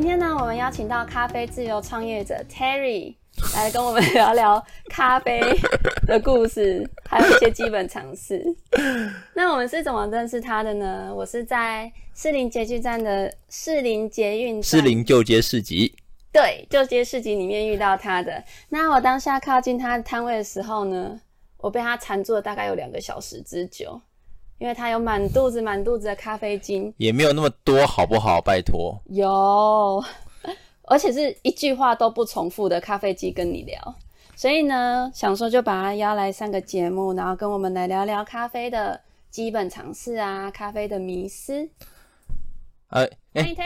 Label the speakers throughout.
Speaker 1: 今天呢，我們邀請到咖啡自由創業者 Terry 來跟我們聊聊咖啡的故事，還有一些基本常識。那我們是怎麼認識他的呢？我是在士林捷運站的士林捷運士
Speaker 2: 林舊街市集，
Speaker 1: 對舊街市集裡面遇到他的。那我當下靠近他的攤位的時候呢，我被他纏住了，大概有兩個小時之久。因為他有滿肚子滿肚子的咖啡精，
Speaker 2: 也沒有那麼多，好不好？拜託，
Speaker 1: 有，而且是一句話都不重複的咖啡機跟你聊，所以呢，想說就把他邀來上個節目，然後跟我們來聊聊咖啡的基本常識啊，咖啡的迷思。
Speaker 2: 哎哎，歡迎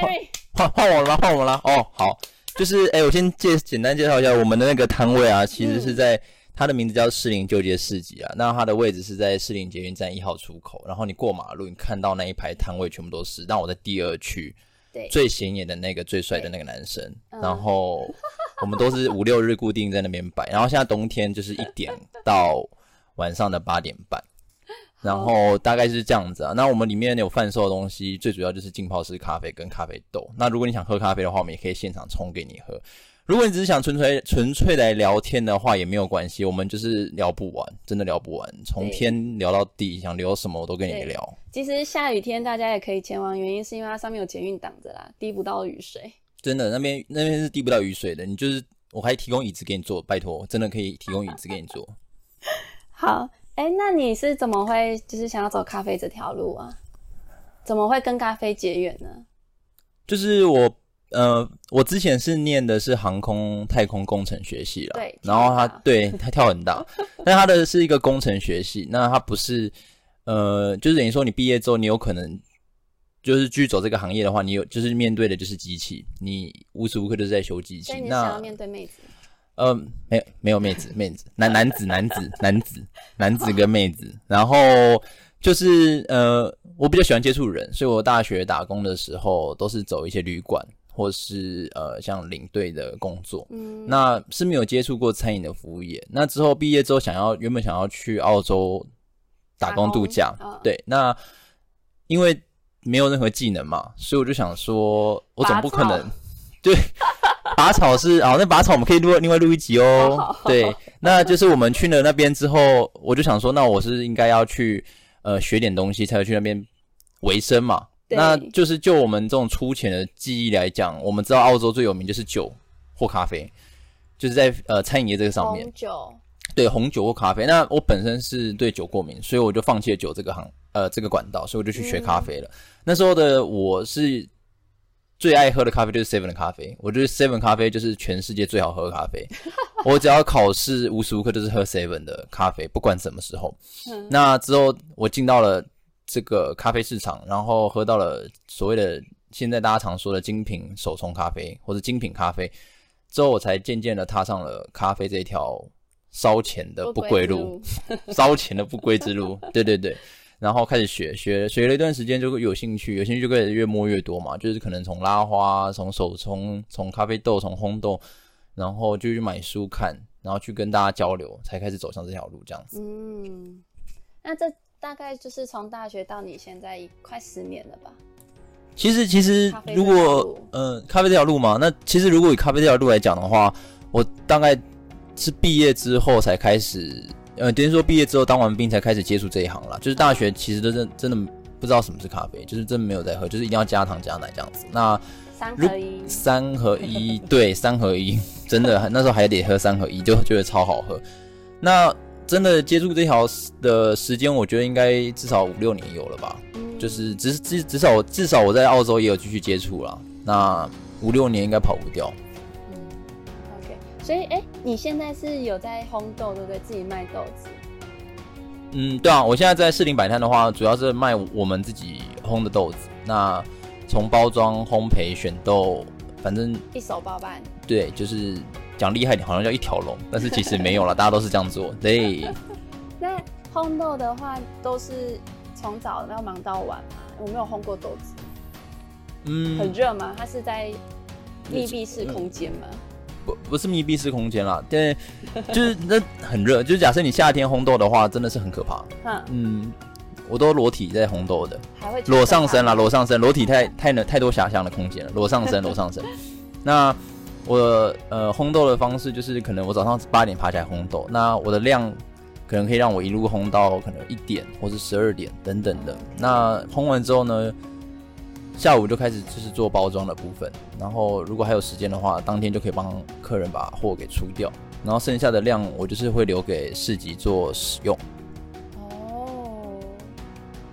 Speaker 2: 換換我了嗎？換我了哦。好， 就是哎、欸，我先介簡單介紹一下我們的那個攤位啊，其實是在。嗯它的名字叫四零舊街市集啊，那它的位置是在四零捷運站一號出口，然後你過馬路，你看到那一排攤位全部都是。那我在第二區，對，最顯眼的那個最帥的那個男生，然後我們都是五六日固定在那邊擺，然後現在冬天就是一點到晚上的八點半。然後大概是這樣子啊，那我們裡面有販售的東西，最主要就是浸泡式咖啡跟咖啡豆。那如果你想喝咖啡的話，我們也可以現場沖給你喝。如果你只是想純粹純粹來聊天的話，也沒有關係，我們就是聊不完，真的聊不完，從天聊到地，對想聊什麼我都跟你聊。
Speaker 1: 其實下雨天大家也可以前往，原因是因為它上面有捷運擋着啦，滴不到雨水。
Speaker 2: 真的，那邊那邊是滴不到雨水的。你就是，我可以提供椅子給你坐，拜託，真的可以提供椅子給你坐。
Speaker 1: 好。哎，那你是怎麼會就是想要走咖啡這條路啊？怎麼會跟咖啡結緣呢？
Speaker 2: 就是我，呃，我之前是念的是航空太空工程學系啦，對，然後他對他跳很大， 但他的是一個工程學系，那他不是，呃，就是等於說你畢業之後，你有可能就是繼續走這個行業的話，你有就是面對的就是機器，你無時無刻都是在修機器，那想要那
Speaker 1: 面對妹子，
Speaker 2: 嗯，沒有沒有妹子，妹子男、男子、男子、男子、男子跟妹子，然後就是呃，我比較喜歡接觸人，所以我大學打工的時候都是走一些旅館或是呃像領隊的工作，嗯，那是沒有接觸過餐飲的服務業。那之後畢業之後，想要原本想要去澳洲打工度假，嗯、對，那因為沒有任何技能嘛，所以我就想說，我總不可能對。就 拔草是啊，那拔草我們可以錄另外錄一集哦。好好好對，那就是我們去了那邊之後， 我就想說，那我是應該要去呃學點東西，才會去那邊維生嘛。對那就是就我們這種粗淺的記憶來講，我們知道澳洲最有名就是酒或咖啡，就是在呃餐飲業這個上面。紅酒。對，紅酒或咖啡。那我本身是對酒過敏，所以我就放棄了酒這個行呃這個管道，所以我就去學咖啡了。嗯、那時候的我是。最愛喝的咖啡就是 Seven 的咖啡，我覺得 Seven 咖啡就是全世界最好喝的咖啡。我只要考試無時無刻都是喝 Seven 的咖啡，不管什麼時候。嗯。那之後我進到了這個咖啡市場，然後喝到了所謂的現在大家常說的精品手沖咖啡或者精品咖啡，之後我才漸漸的踏上了咖啡這一條燒錢的不歸路，燒 錢的不歸之路。對對對。然後開始學學學了一段時間，就會有興趣，有興趣就會越摸越多嘛。就是可能從拉花，從手沖，從咖啡豆，從烘豆，然後就去買書看，然後去跟大家交流，才開始走上這條路這樣子。
Speaker 1: 嗯，那這大概就是從大學到你現在快十年了吧？
Speaker 2: 其實，其實如果呃咖啡這條路，呃，咖啡條路嘛，那其實如果以咖啡這條路來講的話，我大概是畢業之後才開始。呃，等於、嗯、說畢業之後當完兵才開始接觸這一行啦，就是大學其實都真真的不知道什麼是咖啡，就是真的沒有在喝，就是一定要加糖加奶這樣子。那三合一，三合一， 對，三合一，真的那時候還得喝三合一，就覺得超好喝。那真的接觸這條的時間，我覺得應該至少五六年有了吧，嗯、就是只只至，至少至少我在澳洲也有繼續接觸了，那五六年應該跑不掉。
Speaker 1: 所以，哎，你現在是有在烘豆，對不對？自己賣豆子？
Speaker 2: 嗯，對啊，我現在在士林擺攤的話，主要是賣我們自己烘的豆子。那從包裝、烘焙、選豆，反正
Speaker 1: 一手包辦。
Speaker 2: 對，就是講厲害點，好像叫一條龍，但是其實沒有啦， 大家都是這樣做。對。
Speaker 1: 那烘豆的話，都是從早要忙到晚嘛？我沒有烘過豆子，
Speaker 2: 嗯，
Speaker 1: 很熱嗎？它是在密閉式空間嗎？嗯
Speaker 2: 不不是密閉式空間啦，對，就是那很熱，就是假設你夏天烘豆的話，真的是很可怕。嗯，嗯，我都裸體在烘豆的，
Speaker 1: 啊、裸上
Speaker 2: 身啦。裸上身，裸體太太能太多遐想的空間了，裸上身，裸上身。 那我的呃烘豆的方式就是可能我早上八點爬起來烘豆，那我的量可能可以讓我一路烘到可能一點或是十二點等等的。嗯、那烘完之後呢？下午就開始就是做包裝的部分，然後如果還有時間的話，當天就可以幫客人把貨給出掉，然後剩下的量我就是會留給市集做使用。哦，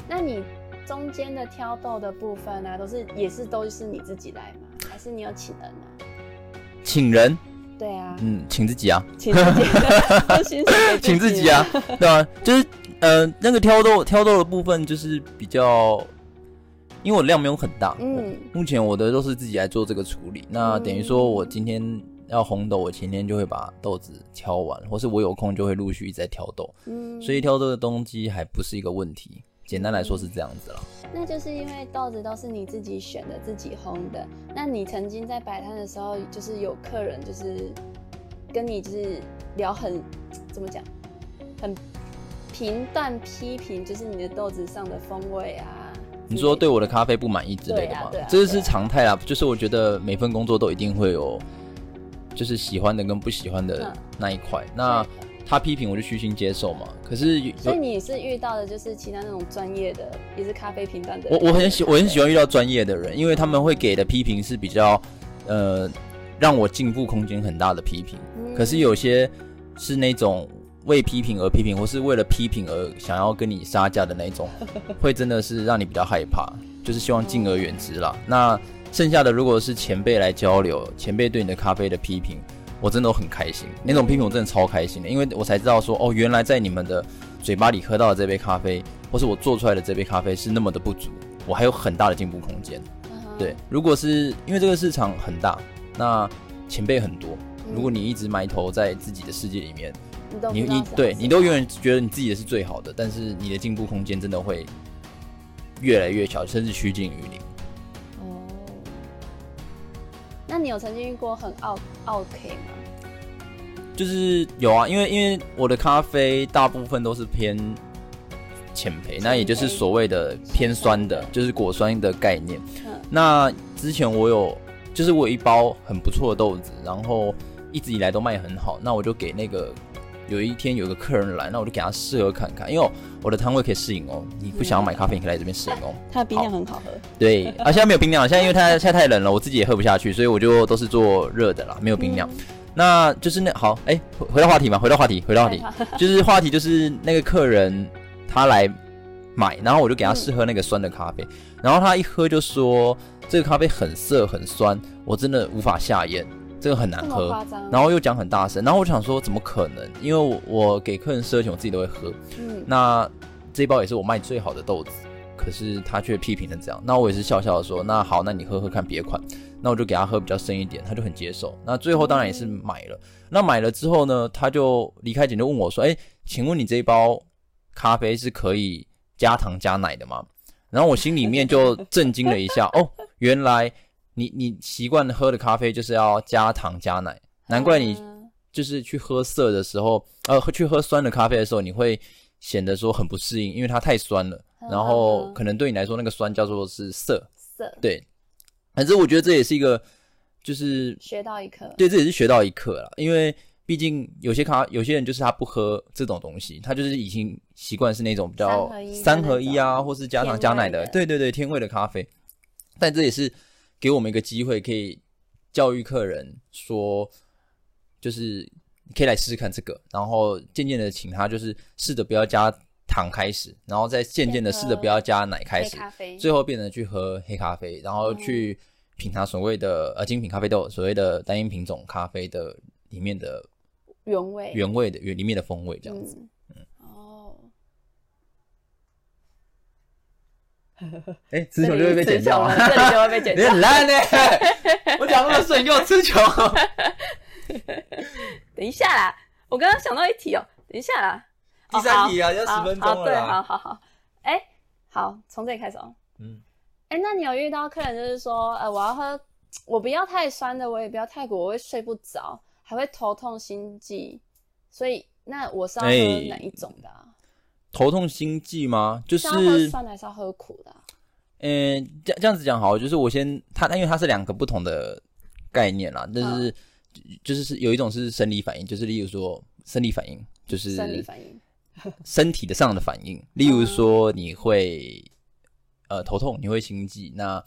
Speaker 1: 那你中間的挑豆的部分呢？啊，都是也是都是你自己來嗎？還是你有請人啊？
Speaker 2: 請人？
Speaker 1: 對
Speaker 2: 啊。嗯，請自己啊。請
Speaker 1: 自己。 請自己啊。
Speaker 2: 對啊，就是嗯、呃，那個挑豆挑豆的部分就是比較。因為我量沒有很大，嗯，目前我的都是自己來做這個處理。嗯、那等於說，我今天要烘豆，我前天就會把豆子挑完，或是我有空就會陸續一直在挑豆，嗯，所以挑豆的東西還不是一個問題。簡單來說是這樣子了、嗯。
Speaker 1: 那就是因為豆子都是你自己選的、自己烘的。那你曾經在擺攤的時候，就是有客人就是跟你就是聊很怎麼講，很平淡批評，就是你的豆子上的風味啊？
Speaker 2: 你說對我的咖啡不滿意之類的嘛？啊啊啊、這個是常態啊，就是我覺得每份工作都一定會有，就是喜歡的跟不喜歡的那一塊。嗯、那他批評我就虛心接受嘛。可是，所以
Speaker 1: 你是遇到的就是其他那種專業的，也是咖啡評斷的人我。我我很喜，我很喜歡
Speaker 2: 遇到專業的人，嗯、因為他們會給的批評是比較，呃，讓我進步空間很大的批評。嗯、可是有些是那種。為批評而批評，或是為了批評而想要跟你殺價的那種，會真的是讓你比較害怕，就是希望敬而遠之啦。那剩下的如果是前輩來交流，前輩對你的咖啡的批評，我真的很開心。那種批評我真的超開心的，因為我才知道說，哦，原來在你們的嘴巴裡喝到的這杯咖啡，或是我做出來的這杯咖啡是那麼的不足，我還有很大的進步空間。對，如果是，因為這個市場很大，那前輩很多。如果你一直埋頭在自己的世界裡面，
Speaker 1: 嗯、你你都對
Speaker 2: 你都永遠覺得你自己的是最好的，但是你的進步空間真的會越來越小，甚至趨近於零。哦、
Speaker 1: 嗯，那你有曾經遇過很奧客
Speaker 2: 嗎？就是有啊，因為因為我的咖啡大部分都是偏淺焙，焙那也就是所謂的偏酸的，焙就是果酸的概念。嗯、那之前我有。就是我有一包很不錯的豆子，然後一直以來都賣很好，那我就給那個，有一天有一個客人來，那我就給他試喝看看，因為我的攤位可以試飲哦。你不想要買咖啡，你可以來這邊
Speaker 1: 試飲哦。它的冰釀很好
Speaker 2: 喝。對，啊，現在沒有冰釀，現在因為它現在太冷了，我自己也喝不下去，所以我就都是做熱的啦，沒有冰釀。那就是那好，哎、欸，回到話題嘛，回到話題，回到話題，就是話題就是那個客人他來買，然後我就給他試喝那個酸的咖啡，嗯、然後他一喝就說這個咖啡很澀很酸，我真的無法下咽，這個很難喝。誇張。然後又講很大聲，然後我想說怎麼可能？因為我我給客人試喝我自己都會喝。嗯、那這一包也是我賣最好的豆子，可是他卻批評成這樣。那我也是笑笑的說，那好，那你喝喝看別款。那我就給他喝比較深一點，他就很接受。那最後當然也是買了。嗯嗯那買了之後呢，他就離開前就問我說，哎、欸，請問你這一包咖啡是可以。加糖加奶的嘛，然後我心裡面就震驚了一下， 哦，原來你你習慣喝的咖啡就是要加糖加奶，難怪你就是去喝澀的時候，呃，去喝酸的咖啡的時候，你會顯得說很不適應，因為它太酸了，然後可能對你來說那個酸叫做是澀澀，色對，反正我覺得這也是一個就是學
Speaker 1: 到一課，對，這也是
Speaker 2: 學到一課了，因為。畢竟有些咖，有些人就是他不喝這種東西，他就是已經習慣是那種比較三合一啊，或是加糖加奶的。對對對，甜味的咖啡。但這也是給我們一個機會，可以教育客人說，就是可以來試試看這個，然後漸漸的請他就是試着不要加糖開始，然後再漸漸的試着不要加奶開始，最後變成去喝黑咖啡，然後去品嘗所謂的呃精品咖啡豆，所謂的單一品種咖啡的裡面的。原味原味的原裡面的風味這
Speaker 1: 樣子，
Speaker 2: 哦，哎，吃球就會被剪掉嗎、啊？ 這裡就會被剪很爛呢、欸。
Speaker 1: 我講那麼多，你給我吃球、 喔。等一下啦，我剛剛想到一題哦，等一下啦，
Speaker 2: 第三題啊，哦、要十分鐘哦，對，好好
Speaker 1: 好，哎，好，從、欸、這裡開始哦、喔，嗯，哎、欸，那你有遇到客人就是說，呃，我要喝，我不要太酸的，我也不要太苦，我會睡不着。還會頭痛心悸，所以那我是要喝哪一種的、啊
Speaker 2: 欸、頭痛心悸嗎？就是要喝酸還是
Speaker 1: 要喝苦的、啊？
Speaker 2: 嗯、欸，這這樣子講好，就是我先它，因為它是兩個不同的概念啦。就是、呃、就是是有一種是生理反應，就是例如說生理反應，就是生理反
Speaker 1: 應，
Speaker 2: 身體的上的反應，例如說你會、嗯、呃頭痛，你會心悸。那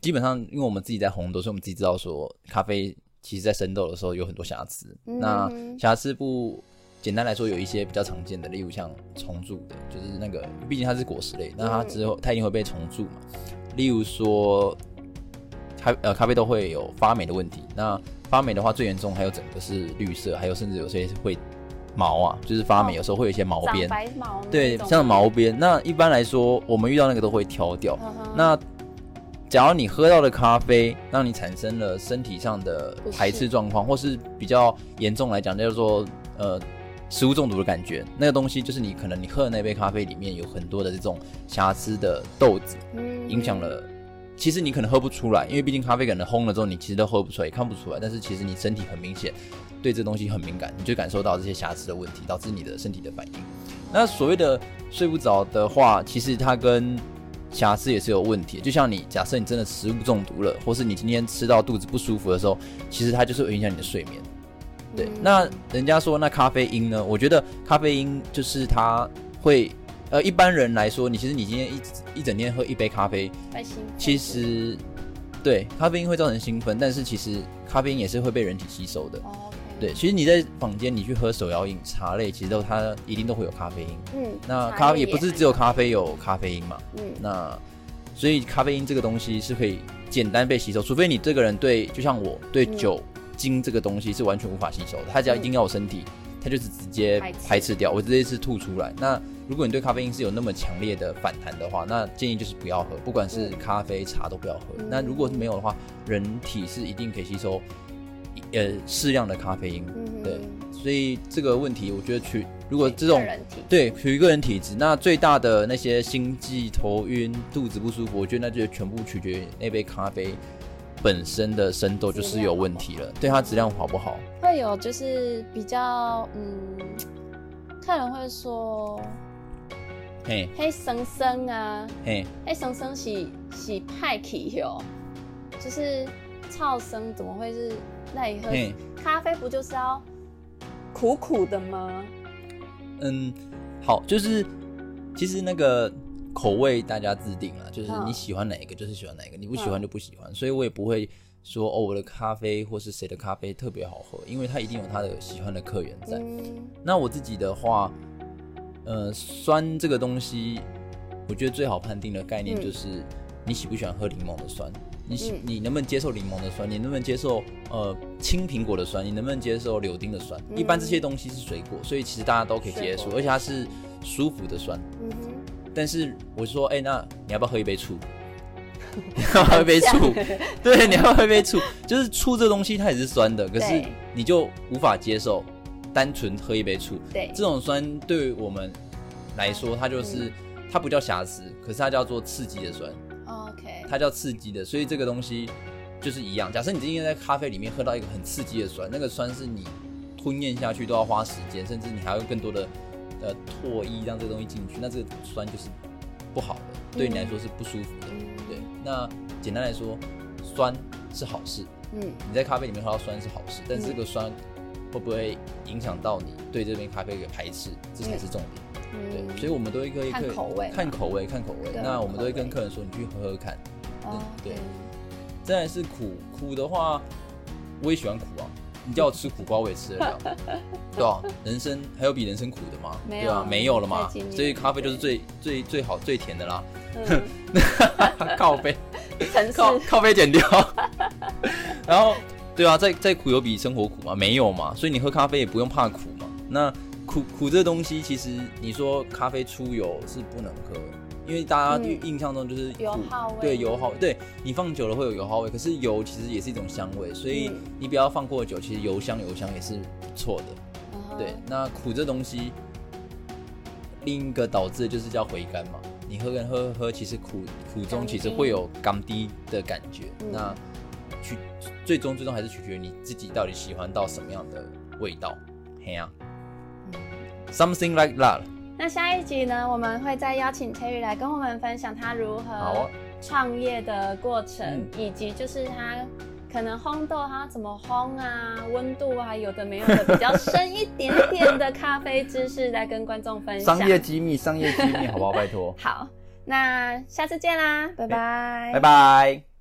Speaker 2: 基本上，因為我們自己在紅豆，所以我們自己知道說咖啡。其實，在生豆的時候有很多瑕疵，嗯、哼那瑕疵不簡單來說，有一些比較常見的，例如像蟲蛀的，就是那個畢竟它是果實類，那它之後它一定會被蟲蛀嘛。嗯、例如說，咖呃咖啡豆會有發霉的問題，那發霉的話最嚴重還有整個是綠色，還有甚至有些會毛啊，就是發霉、哦、有時候會有一些毛邊，白
Speaker 1: 毛對，像
Speaker 2: 毛邊。那一般來說我們遇到那個都會挑掉，嗯、哼那。假如你喝到的咖啡讓你產生了身體上的排斥狀況，是或是比較嚴重來講，叫做，呃，食物中毒的感覺，那個東西就是你可能你喝的那杯咖啡裡面有很多的這種瑕疵的豆子，影響了。其實你可能喝不出來，因為畢竟咖啡可能烘了之後，你其實都喝不出來，也看不出來。但是其實你身體很明顯對這東西很敏感，你就感受到這些瑕疵的問題，導致你的身體的反應。那所謂的睡不着的話，其實它跟瑕疵也是有問題，就像你假設你真的食物中毒了，或是你今天吃到肚子不舒服的時候，其實它就是會影響你的睡眠。對，嗯、那人家說那咖啡因呢？我覺得咖啡因就是它會，呃，一般人來說，你其實你今天一一整天喝一杯咖啡，其實，對，咖啡因會造成興奮，但是其實咖啡因也是會被人體吸收的。哦。對，其實你在坊間，你去喝手搖飲茶類，其實都它一定都會有咖啡因。嗯。那咖啡也不是只有咖啡有咖啡因嘛。嗯。那所以咖啡因這個東西是可以簡單被吸收，除非你這個人對，就像我對酒精這個東西是完全無法吸收的，它、嗯、只要一進到我身體，它就是直接排斥掉，我直接是吐出來。那如果你對咖啡因是有那麼強烈的反彈的話，那建議就是不要喝，不管是咖啡、茶都不要喝。嗯、那如果是沒有的話，人體是一定可以吸收。呃，適量的咖啡因，嗯、哼對，所以這個問題我覺得取如果這種對個人體質，那最大的那些心悸、頭暈、肚子不舒服，我覺得那就全部取決於那杯咖啡本身的深度就是有問題了，對它質量好不好？
Speaker 1: 會有就是比較嗯，客人會說，
Speaker 2: 嘿，
Speaker 1: 嘿，生生啊，嘿，嘿，生生洗洗派氣喲，就是噪聲怎麼會是？那你喝、嗯、咖啡不就是要苦苦的嗎？
Speaker 2: 嗯，好，就是其實那個口味大家自定了，就是你喜歡哪一個就是喜歡哪一個，你不喜歡就不喜歡。嗯、所以我也不會說哦，我的咖啡或是誰的咖啡特別好喝，因為它一定有它的喜歡的客源在。嗯、那我自己的話，呃，酸這個東西，我覺得最好判定的概念就是、嗯、你喜不喜歡喝檸檬的酸。你你能不能接受檸檬的酸？你能不能接受呃青蘋果的酸？你能不能接受柳丁的酸？一般這些東西是水果，所以其實大家都可以接受，而且它是舒服的酸。嗯哼。但是我就說，哎、欸，那你要不要喝一杯醋？喝一杯醋？對，你要不要喝一杯醋，就是醋這東西它也是酸的，可是你就無法接受單純喝一杯醋。對。這種酸對我們來說，它就是、嗯、它不叫瑕疵，可是它叫做刺激的酸。它叫刺激的，所以這個東西就是一樣。假設你今天在咖啡裡面喝到一個很刺激的酸，那個酸是你吞嚥下去都要花時間，甚至你還要用更多的呃唾液讓這個東西進去，那這個酸就是不好的，對，嗯、對你來說是不舒服的。嗯、對，那簡單來說，酸是好事。嗯，你在咖啡裡面喝到酸是好事，但這個酸會不會影響到你對這杯咖啡的排斥，這才是重點。嗯、
Speaker 1: 對，所以我
Speaker 2: 們都會可以，可以看，口看口味，看口味，看口味。那我們都會跟客人說，你去喝喝看。
Speaker 1: 嗯，對。哦、
Speaker 2: 對，再來是苦。苦的話，我也喜歡苦啊。你叫我吃苦瓜，我也吃得了。
Speaker 1: 嗯、
Speaker 2: 對啊，人生還有比人生苦的嗎？沒有，對，沒有了嘛。了所以咖啡就是最對最最好最甜的啦。嗯、 咖啡 靠啡，
Speaker 1: 咖啡，咖啡
Speaker 2: 剪掉。 然後，對啊，再再苦有比生活苦嗎？沒有嘛。所以你喝咖啡也不用怕苦嘛。那苦苦這個東西，其實你說咖啡出油是不能喝。因為大家印象中就是油耗味，對油耗，對，你放久了會有油耗味。可是油其實也是一種香味，所以你不要放過久，其實油香油香也是不錯的。嗯、哼對，那苦這東西，另一個導致就是叫回甘嘛。你喝跟喝喝其實苦苦中其實會有甘低的感覺。心那取最終最終還是取決於你自己到底喜歡到什麼樣的味道，嘿、嗯、啊，something like that。
Speaker 1: 那下一集呢，我們會再邀請 Terry 來跟我們分享他如何創業的過程，啊、以及就是他可能烘豆他怎麼烘啊，溫度啊，有的沒有的比較深一點點的咖啡知識來跟觀眾分享。商業機
Speaker 2: 密，商業機密，好不好？拜託。
Speaker 1: 好，那下次見啦，欸、拜拜。拜
Speaker 2: 拜。